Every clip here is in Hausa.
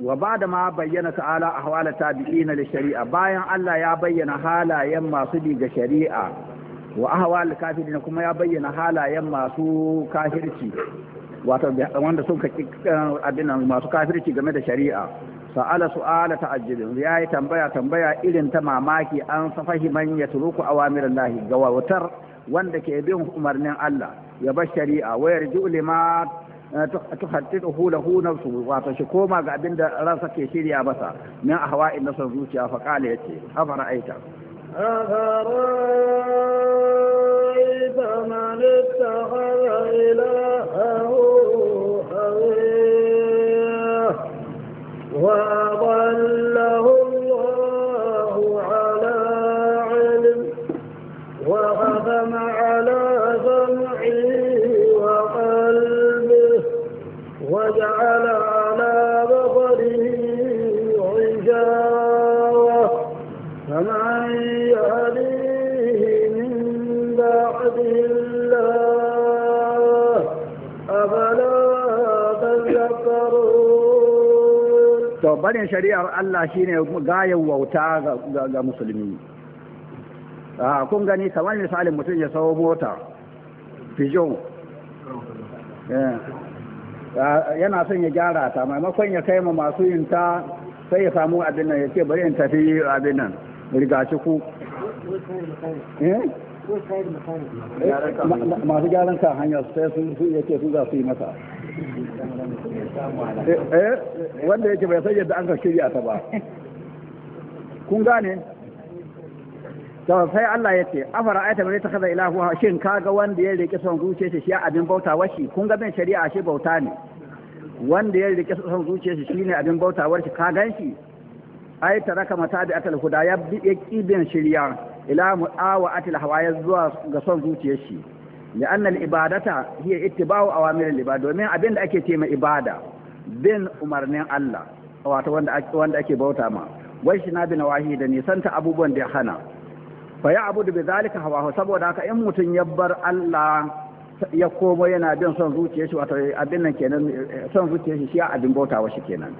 wa ba da ma bayyana ta'ala a hawala tabi'ina da shari'a bayan Allah ya bayyana halayen masu bi ga shari'a wa ahwal kafirin kuma ya bayyana halayen masu kafirci wato wanda sun kaki eh, abin masu kafirci game da shari'a sa'ala su'ala ta'ajjub ya yi tambaya tambaya irin ta mamaki an fahiman ya turuku awamirin lahi ga wautar wanda ke bin umarnin Allah ya bar shari'a wayar yarju lima tuhattihu lahu nafsu wato shi koma ga abin da ransa ke shirya masa min ahwa'in nasar zuciya fa qala yace afara aita to barin shari'ar Allah shine gayan wauta ga musulmi ah, kun gani kamar misalin mutum ya sawo mota fijo eh. ah, yana son ya gyara ta maimakon ya kai ma masu yin ta sai ya samu abin nan ya ce bari in tafi abin nan rigaci ku eh? masu gyaran kan hanya sai sun ce sun za su yi masa eh, eh, wanda yake bai san yadda an ka shirya ta ba kun gane to sai Allah ya ce afara Aita bai ta kaza ilahu shin kaga wanda ya rike son zuciya shi shi abin bauta washi kun ga bin shari'a shi bauta ne wanda ya rike son zuciya shi shine abin bauta washi ka ganshi ai taraka matabi akal huda ya bi bin shari'a ila mu'awa atil hawaye zuwa ga son zuciyar shi li'anna al-ibadata hiya ittiba'u awamirin ibada domin abin da ake ce ibada bin umarnin Allah wato wanda ake wanda ake bauta ma wai shi na bin wahi da nisanta abubuwan da ya hana fa ya abudu bi zalika hawahu saboda haka in mutun ya bar Allah ya komo yana bin son zuciyar shi wato abin nan kenan son zuciyar shi ya abin bautawa shi kenan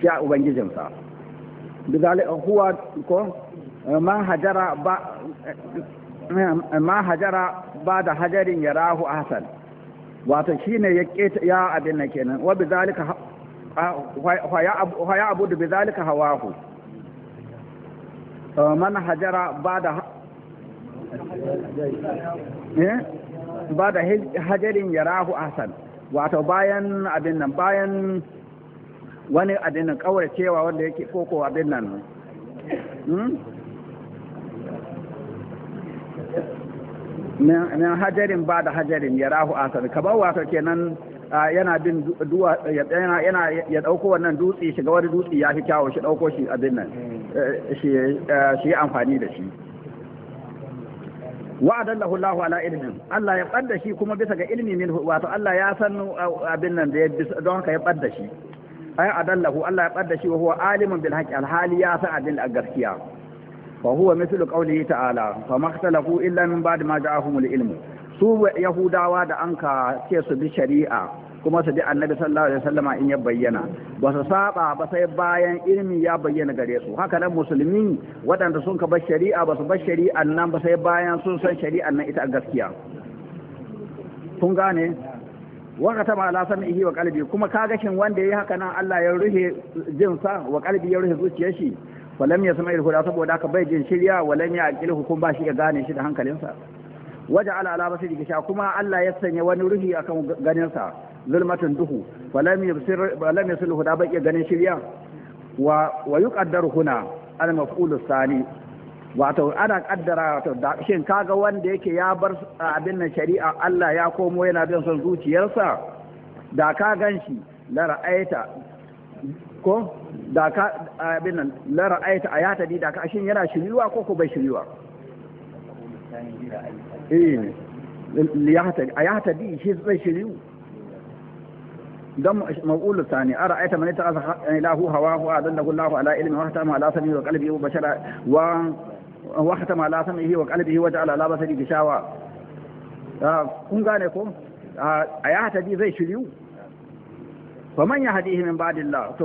shi ubangijinsa bi zalika huwa ko hajara ba ma hajara ba da hajarin ya rahu hasan wato shine ya keta ya abin na kenan wa bi zalika wa ya abudu bi zalika hawahu man hajara ba da ba da hajarin ya rahu hasan wato bayan abin nan bayan wani abin nan cewa wanda yake koko abin nan min hajarin ba da hajarin ya rahu asar ka bawa ka kenan yana bin duwa yana ya dauko wannan dutse shiga wani dutse ya fi kyawo shi dauko shi abin nan hmm. eh, shi eh, amfani da shi wa'adallahu Allahu ala ilmin Allah ya ɓadda shi kuma bisa ga ilmi min wato Allah ya san uh, abin nan da ya don haka ya ɓadda shi ay adallahu Allah ya ɓadda shi wa huwa alimun bil haqqi al hali ya san abin da gaskiya fa huwa mithlu qawlihi ta'ala fa makhtalafu illa min ba'd ma ja'ahumul ilmu su yahudawa da anka ce su bi shari'a kuma su bi annabi sallallahu alaihi wasallama in ya bayyana ba su saba ba sai bayan ilmi ya bayyana gare su haka nan musulmi waɗanda sun ka bar shari'a ba su bar shari'a nan ba sai bayan sun san shari'a nan ita gaskiya kun gane waka ta ma lasan ihi wa kalbi kuma kagashin wanda ya yi haka nan Allah ya ruhe jinsa wa kalbi ya ruhe zuciyar shi falam ya sama ilhuda saboda haka bai jin shirya walan ya aqil hukum ba shi ya gane shi da hankalinsa waja ala ala basiri gisha kuma Allah ya sanya wani ruhi akan ganinsa zulmatun duhu falam yabsir falam yasul huda bai ganin shirya wa wa yuqaddaru huna al maf'ul sani wato ana kaddara wato shin kaga wanda yake ya bar abin nan shari'a Allah ya komo yana bin son zuciyarsa da ka gan shi la ra'aita ko da ka abin nan la ra'aita ayata di da ka shin yana shiriwa ko ko bai shiriwa eh liyata ayata di shi zai shiriwa dan maqulu thani ayata man ta'ala ilahu hawahu adallahu Allahu ala ilmi wa hatama ala sami wa qalbi wa bashara wa wa hatama ala sami wa qalbi wa ja'ala ala basari gishawa kun gane ko ayata di zai shiriwu faman yahdihi min ba'dillah